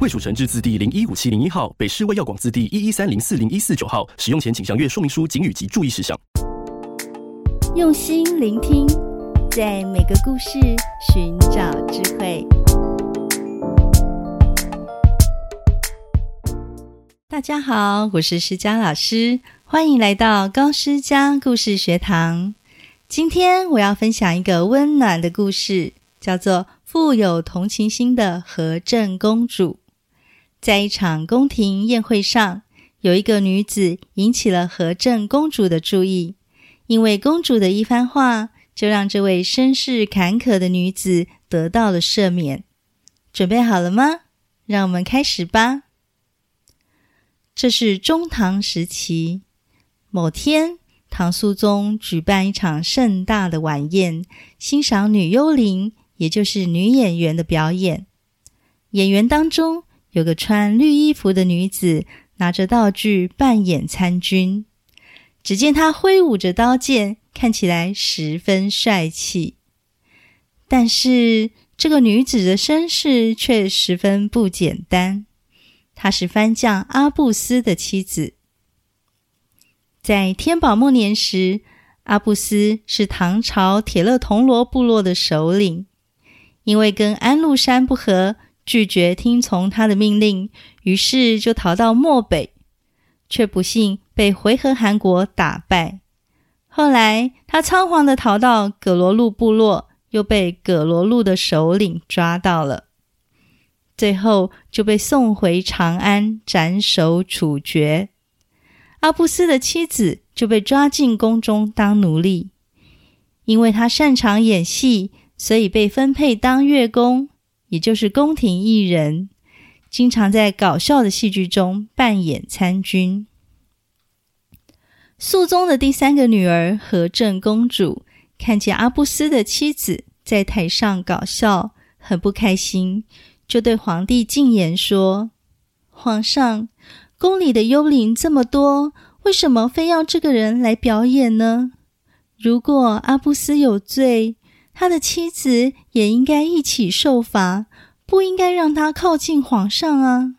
衛署成製字第零一五七零一號，北市衛藥廣字第一幺三零四零一四九號。使用前請詳閱說明書、警語及注意事項。用心聆聽，在每個故事尋找智慧。大家好，我是詩佳老師，歡迎來到高詩佳故事學堂。今天我要分享一個溫暖的故事，叫做《富有同情心的和政公主》。在一場宮廷宴會上，有一個女子引起了和政公主的注意。因為公主的一番話，就讓這位身世坎坷的女子得到了赦免。準備好了嗎？讓我們開始吧。這是中唐時期某天，唐肅宗舉辦一場盛大的晚宴，欣賞女幽靈，也就是女演員的表演。演員當中。有個穿綠衣服的女子拿着道具扮演參軍，只見她揮舞着刀劍，看起來十分帥氣。但是這個女子的身世卻十分不簡單，她是番將阿布斯的妻子。在天寶末年時，阿布斯是唐朝鐵勒銅鑼部落的首領，因為跟安祿山不和。拒絕聽從他的命令，於是就逃到漠北，卻不幸被回紇汗國打敗。後來，他倉皇的逃到葛邏祿部落，又被葛邏祿的首領抓到了，最後就被送回長安斬首處決。阿布斯的妻子就被抓進宮中當奴隸，因為他擅長演戲，所以被分配當樂工。也就是宮廷藝人，經常在搞笑的戲劇中扮演參軍。肅宗的第三個女兒和政公主看見阿布思的妻子在台上搞笑，很不開心，就對皇帝進言說：“皇上，宮裡的優伶這麼多，為什麼非要這個人來表演呢？如果阿布思有罪。”他的妻子也應該一起受罰，不應該讓他靠近皇上啊！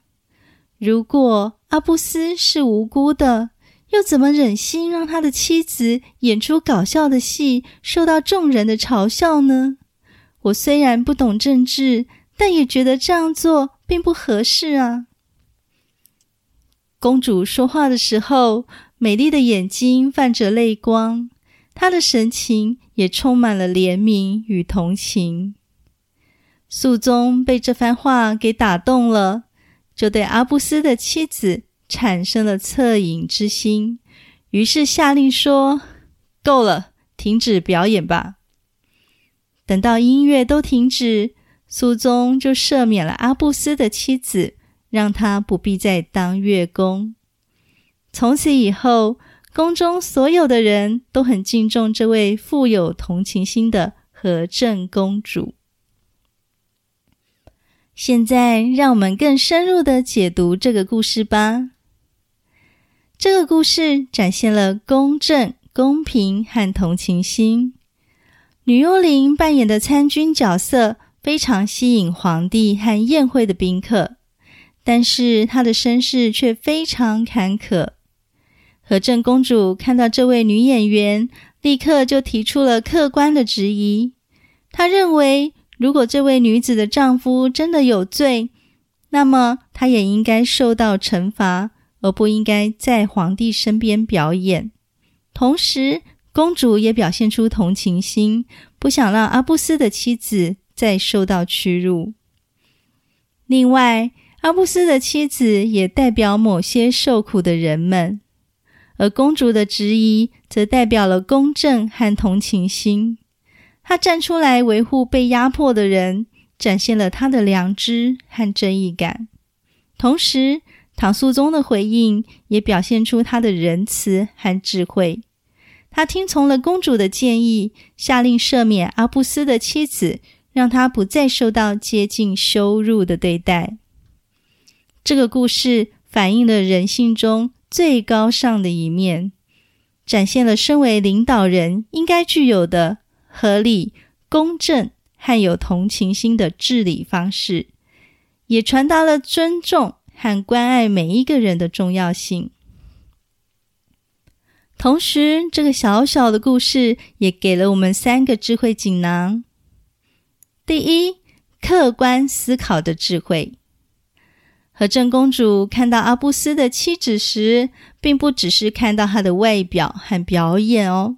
如果阿布思是無辜的，又怎麼忍心讓他的妻子演出搞笑的戲，受到眾人的嘲笑呢？我雖然不懂政治，但也覺得這樣做並不合適啊！公主說話的時候，美麗的眼睛泛着淚光。他的神情也充滿了憐憫與同情。肅宗被這番話給打動了，就對阿布斯的妻子產生了惻隱之心，於是下令說：“夠了，停止表演吧。”等到音樂都停止，肅宗就赦免了阿布斯的妻子，讓她不必再當樂工。從此以後，宮中所有的人都很敬重這位富有同情心的和正公主。現在，讓我們更深入地解讀這個故事吧。這個故事展現了公正、公平和同情心。女幽靈扮演的參軍角色非常吸引皇帝和宴會的賓客，但是她的身世卻非常坎坷。和政公主看到這位女演員，立刻就提出了客觀的質疑。她認為，如果這位女子的丈夫真的有罪，那麼她也應該受到懲罰，而不應該在皇帝身邊表演。同時，公主也表現出同情心，不想讓阿布斯的妻子再受到屈辱。另外，阿布斯的妻子也代表某些受苦的人們。而公主的質疑，則代表了公正和同情心。她站出來維護被壓迫的人，展現了她的良知和正義感。同時，唐肅宗的回應也表現出他的仁慈和智慧。他聽從了公主的建議，下令赦免阿布斯的妻子，讓她不再受到接近羞辱的對待。這個故事反映了人性中最高尚的一面，展現了身為領導人應該具有的合理、公正和有同情心的治理方式，也傳達了尊重和關愛每一個人的重要性。同時，這個小小的故事也給了我們三個智慧錦囊。第一，客觀思考的智慧。和政公主看到阿布斯的妻子時，並不只是看到她的外表和表演哦，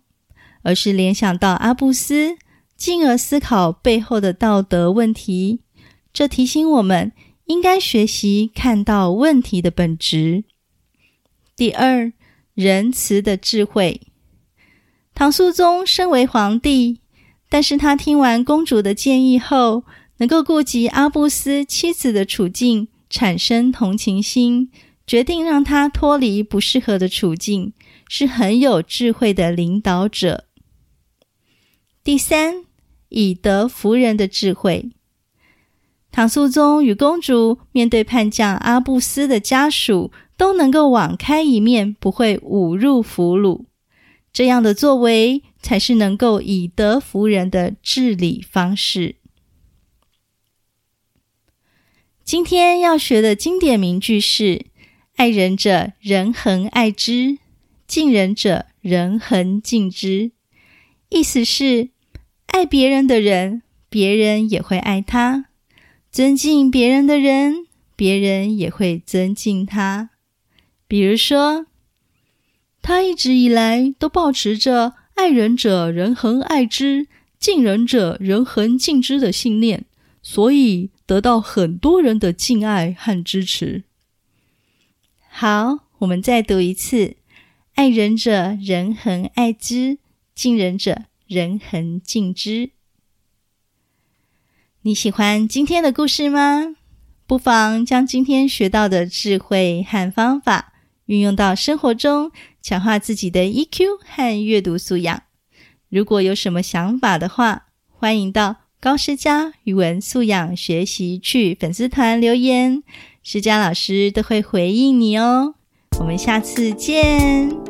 而是聯想到阿布斯，進而思考背後的道德問題。這提醒我們應該學習看到問題的本質。第二，仁慈的智慧。唐肅宗身為皇帝，但是他聽完公主的建議後，能夠顧及阿布斯妻子的處境。產生同情心，決定讓他脫離不適合的處境，是很有智慧的領導者。第三，以德服人的智慧。唐肅宗與公主面對叛將阿布斯的家屬，都能夠網開一面，不會侮辱俘虜。這樣的作為，才是能夠以德服人的治理方式。今天要學的經典名句是：“愛人者，人恆愛之；敬人者，人恆敬之。”意思是，愛別人的人，別人也會愛他；尊敬別人的人，別人也會尊敬他。比如說，他一直以來都保持着“愛人者，人恆愛之；敬人者，人恆敬之”的信念。所以得到很多人的敬愛和支持。好，我們再讀一次：“愛人者，人恆愛之；敬人者，人恆敬之。”你喜歡今天的故事嗎？不妨將今天學到的智慧和方法運用到生活中，強化自己的 EQ 和閱讀素養。如果有什麼想法的話，歡迎到高詩佳語文素養學習趣粉絲團留言，詩佳老師都會回應你哦。我們下次見。